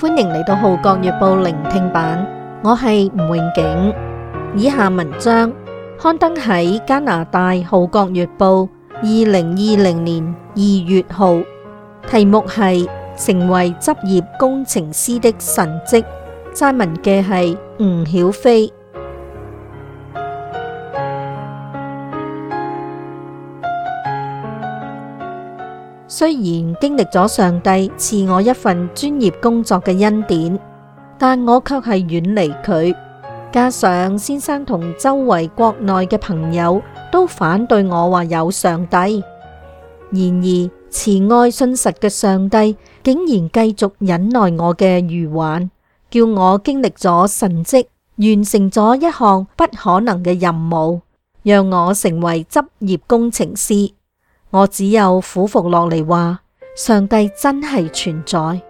歡迎嚟到《號角月報》聆聽版，我係吳永景。以下文章刊登喺加拿大《號角月報》二零二零年二月號，題目係《成為執業工程師的神蹟》，撰文嘅係吳曉飛。雖然經歷咗上帝賜我一份專業工作嘅恩典，但我卻係遠離佢。加上先生同周圍國內嘅朋友都反對我話有上帝。然而慈愛信實嘅上帝竟然繼續忍耐我嘅愚頑，叫我經歷咗神蹟，完成咗一項不可能嘅任務，讓我成為執業工程師。我只有俯伏落嚟，話上帝真係存在。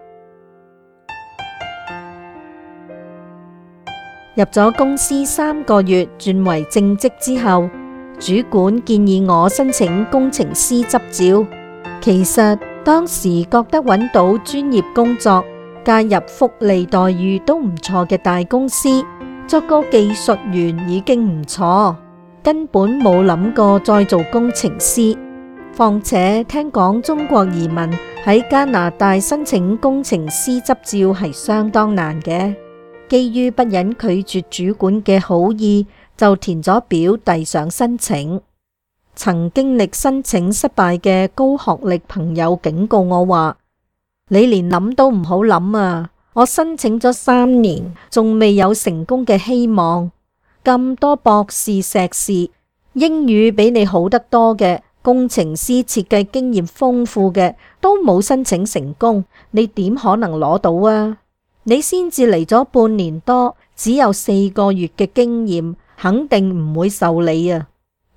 入咗公司三個月，轉為正職之後，主管建議我申請工程師執照。其實當時覺得揾到專業工作，加入福利待遇都唔錯嘅大公司，作個技術員已經唔錯，根本冇諗過再做工程師。況且聽講，中國移民喺加拿大申請工程師執照係相當難嘅。基於不忍拒絕主管嘅好意，就填咗表遞上申請。曾經歷申請失敗嘅高學歷朋友警告我話：「你連諗都唔好諗啊！我申請咗三年，仲未有成功嘅希望。咁多博士、碩士，英語比你好得多嘅。工程師設計經驗豐富嘅都冇申請成功，你點可能攞到啊？你先至嚟咗半年多，只有四個月嘅經驗，肯定唔會受理啊！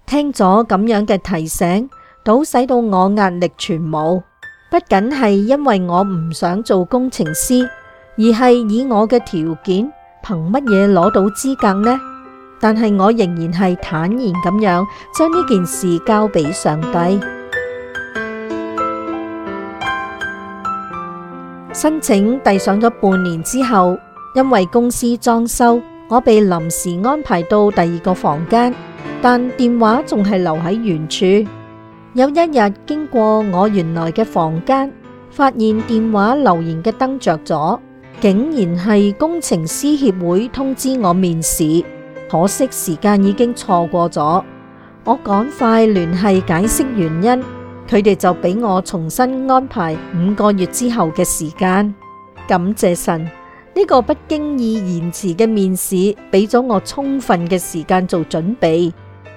聽咗咁樣嘅提醒，倒使到我壓力全冇。不僅係因為我唔想做工程師，而係以我嘅條件，憑乜嘢攞到資格呢？但係我仍然係坦然咁樣將呢件事交俾上帝。申請遞上咗半年之後，因為公司裝修，我被臨時安排到第二個房間，但電話仲係留喺原處。有一日經過我原來嘅房間，發現電話留言嘅燈着咗，竟然係工程師協會通知我面試。可惜時間已經錯過咗，我趕快聯繫解釋原因，佢哋就俾我重新安排五個月之後嘅時間。感謝神，呢個不經意延遲嘅面試俾咗我充分嘅時間做準備。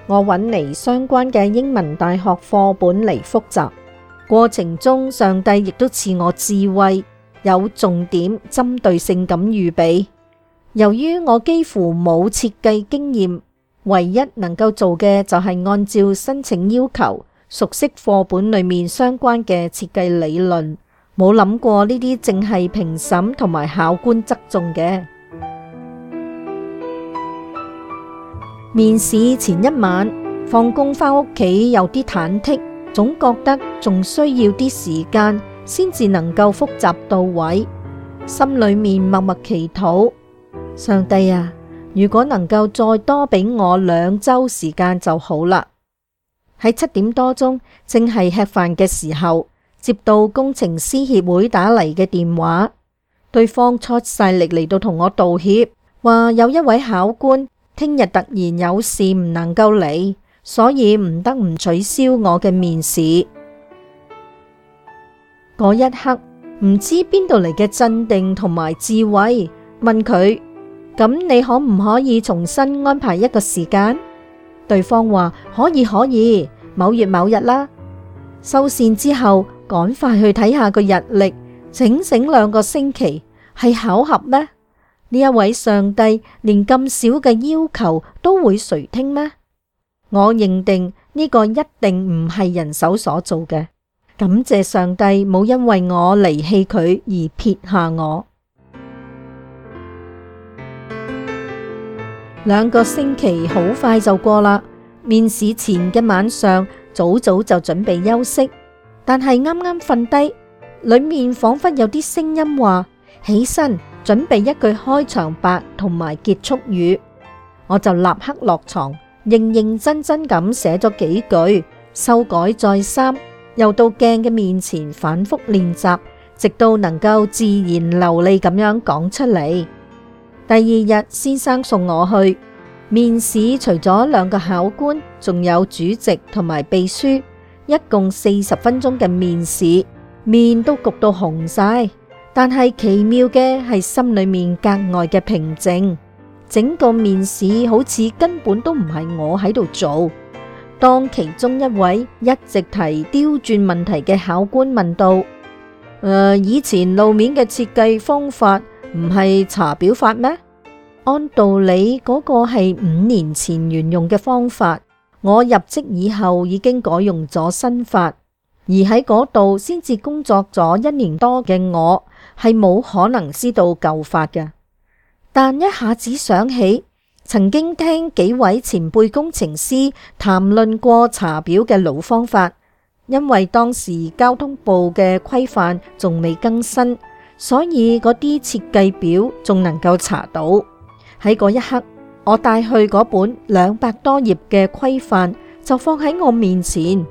我搵嚟相關嘅英文大學課本嚟復習，過程中上帝亦都賜我智慧，有重點針對性咁預備。由於我幾乎冇設計經驗，唯一能夠做嘅就係按照申請要求，熟悉課本裏面相關嘅設計理論，冇諗過呢啲淨係評審同埋考官側重嘅。面試前一晚，放工返屋企有啲忐忑，總覺得仲需要啲時間先至能夠複習到位，心裏面默默祈禱， 上帝啊！如果能夠再多俾我兩周時間就好啦。喺七點多鐘，正係吃飯嘅時候，接到工程師協會打嚟嘅電話，對方出晒力嚟到同我道歉，話有一位考官聽日突然有事唔能夠嚟，所以唔得唔取消我嘅面試。嗰一刻，唔知邊度嚟嘅鎮定同埋智慧，問佢。咁你可唔可以重新安排一個時間？對方話可以可以，某月某日啦。收線之後，趕快去睇下個日曆。整整兩個星期，係巧合咩？呢一位上帝連咁少嘅要求都會垂聽咩？我認定呢個一定唔係人手所做嘅。感謝上帝，冇因為我離棄佢而撇下我。兩個星期好快就過啦。面試前嘅晚上，早早就準備休息，但係啱啱瞓低，裏面仿佛有啲聲音話：起身，準備一句開場白同埋結束語。我就立刻落床，認認真真咁寫咗幾句，修改再三，又到鏡嘅面前反覆練習，直到能夠自然流利咁樣講出嚟。第二日，先生送我去面試，除咗兩個考官，仲有主席同埋秘書。一共四十分鐘嘅面試，面都焗到紅晒。但係奇妙嘅係心裏面格外嘅平靜。整個面試好似根本都唔係我喺度做。當其中一位一直提刁鑽問題嘅考官問到，誒，以前路面的設計方法，唔係查表法咩？按道理嗰個係五年前沿用嘅方法，我入職以後已經改用咗新法，而喺嗰度先至工作咗一年多嘅我係冇可能知道舊法嘅。但一下子想起曾經聽幾位前輩工程師談論過查表嘅老方法，因為當時交通部嘅規範仲未更新。所以嗰啲設計表仲能夠查到。喺嗰一刻，我帶去嗰本兩百多頁嘅規範就放喺我面前。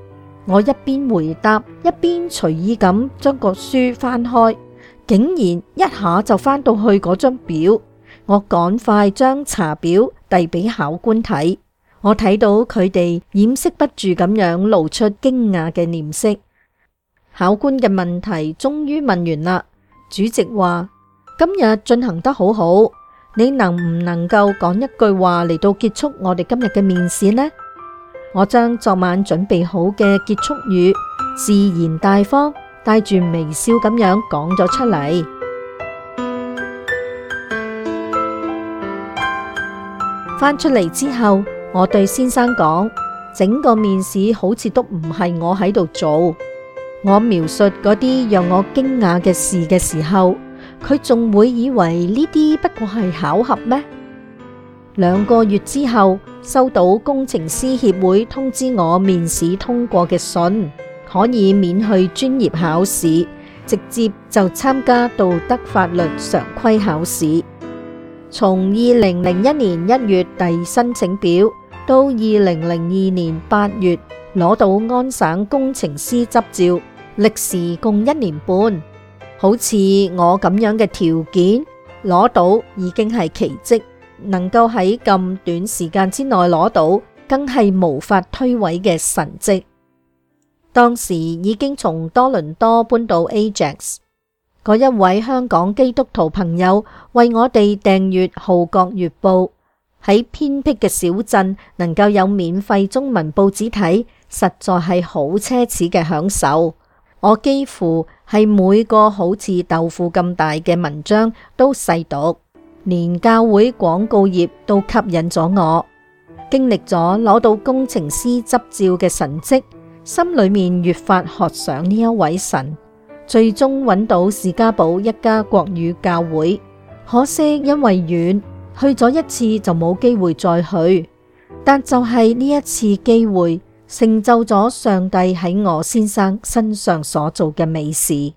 我一邊回答一邊隨意咁將個書翻開，竟然一下就翻到去嗰張表。我趕快將查表遞俾考官睇，我睇到佢哋掩飾不住咁樣露出驚訝嘅面色。考官嘅問題終於問完啦。主席話：“今日進行得好好，你能唔能夠講一句話嚟到結束我哋今日嘅面試呢？”我將昨晚準備好嘅結束語，自然大方，帶住微笑咁樣講咗出嚟。返出嚟之後，我對先生講：“整個面試好似都唔係我喺度做。”主持人:我描述嗰啲讓我驚訝嘅事嘅時候，佢仲會以為呢啲不過係巧合咩？兩個月之後，收到工程師協會通知我面試通過嘅信，可以免去專業考試，直接就參加道德法律常規考試。從二零零一年一月遞申請表，到二零零二年八月攞到安省工程師執照。歷時共一年半，好似我咁樣嘅條件攞到已經係奇蹟，能夠喺咁短時間之內攞到，更係無法推諉嘅神蹟。當時已經從多倫多搬到 Ajax，嗰一位香港基督徒朋友為我哋訂閱《號角月報》，喺偏僻嘅小鎮能夠有免費中文報紙睇，實在係好奢侈嘅享受。我幾乎係每個好似豆腐咁大嘅文章都細讀，連教會廣告頁都吸引咗我。經歷咗攞到工程師執照嘅神跡，心裏面越發學上呢一位神。最終揾到士嘉堡一家國語教會，可惜因為遠，去咗一次就冇機會再去。但就係呢一次機會。成就咗上帝喺我先生身上所做嘅美事，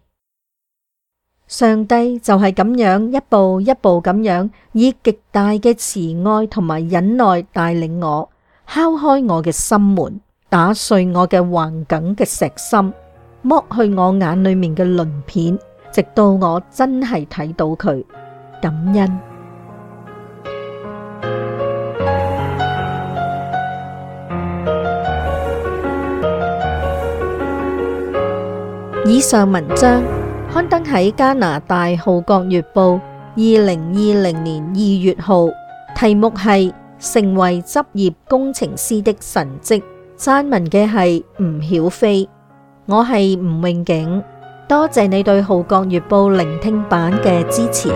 上帝就係咁樣一步一步咁樣，以極大嘅慈愛同埋忍耐帶領我，敲開我嘅心門，打碎我嘅頑梗嘅石心，剝去我眼裏面嘅鱗片，直到我真係睇到佢，感恩。以上文章刊登喺加拿大《號角月報》二零二零年二月號，題目係《成為執業工程師的神蹟》，撰文嘅係吳曉飛，我係吳永景，多謝你對《號角月報》聆聽版嘅支持。